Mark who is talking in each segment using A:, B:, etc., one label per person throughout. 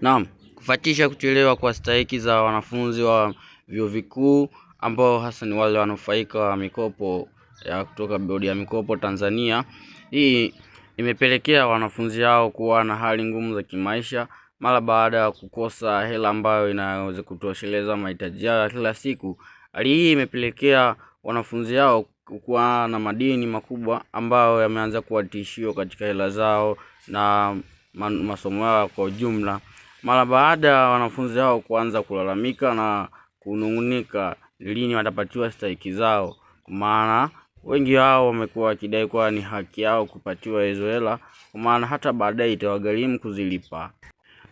A: Naam, kufuatisha kuchelewa kwa stahiki za wanafunzi wa vyuo vikuu ambao hasa ni wale wanufaika wa mikopo ya kutoka Bodi ya Mikopo Tanzania. Hii imepelekea wanafunzi hao kuwa na hali ngumu za kimaisha mara baada ya kukosa hela ambayo inaweza kutosheleza mahitaji yao ya kila siku. Hali hii imepelekea wanafunzi hao kuwa na madeni makubwa ambayo yameanza kuwa tishio katika hela zao na masomo yao kwa ujumla. Mara baada ya wanafunzi hao kuanza kulalamika na kunung'unika lini watapatiwa stahiki zao, maana wengi wao wamekuwa wakidai kuwa ni haki yao kupatiwa hizo hela, kwa maana hata baadaye itawagharimu kuzilipa.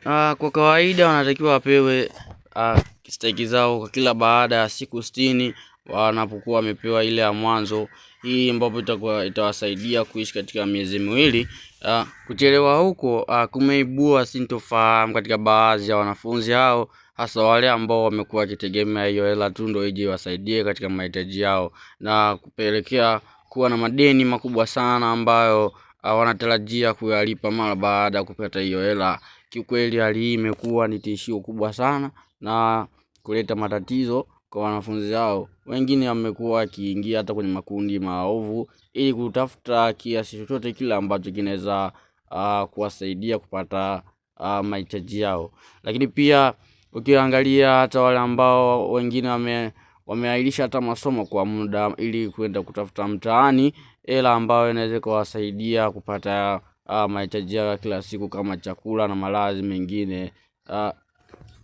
A: Uh, kwa kawaida wanatakiwa wapewe uh, stahiki zao kwa kila baada ya siku sitini wanapokuwa wamepewa ile ya mwanzo hii, ambapo itakuwa itawasaidia kuishi katika miezi miwili. Uh, kuchelewa huko uh, kumeibua sintofahamu katika baadhi ya wanafunzi hao, hasa wale ambao wamekuwa wakitegemea hiyo hela tu ndio ije wasaidie katika mahitaji yao na kupelekea kuwa na madeni makubwa sana ambayo ah, wanatarajia kuyalipa mara baada ya kupata hiyo hela. Kiukweli, hali hii imekuwa ni tishio kubwa sana na kuleta matatizo kwa wanafunzi wao. Wengine wamekuwa wakiingia hata kwenye makundi maovu ili kutafuta kiasi chochote kile ambacho kinaweza uh, kuwasaidia kupata uh, mahitaji yao. Lakini pia ukiangalia hata wale ambao wengine wame wameahirisha hata masomo kwa muda ili kwenda kutafuta mtaani hela ambayo inaweza kuwasaidia kupata uh, mahitaji yao ya kila siku kama chakula na malazi mengine. Uh,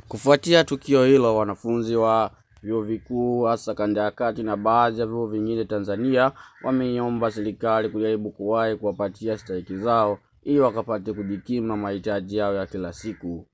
A: kufuatia tukio hilo, wanafunzi wa vyuo vikuu hasa kanda ya kati na baadhi ya vyuo vingine Tanzania wameiomba serikali kujaribu kuwahi kuwapatia stahiki zao ili wakapate kujikimu na mahitaji yao ya kila siku.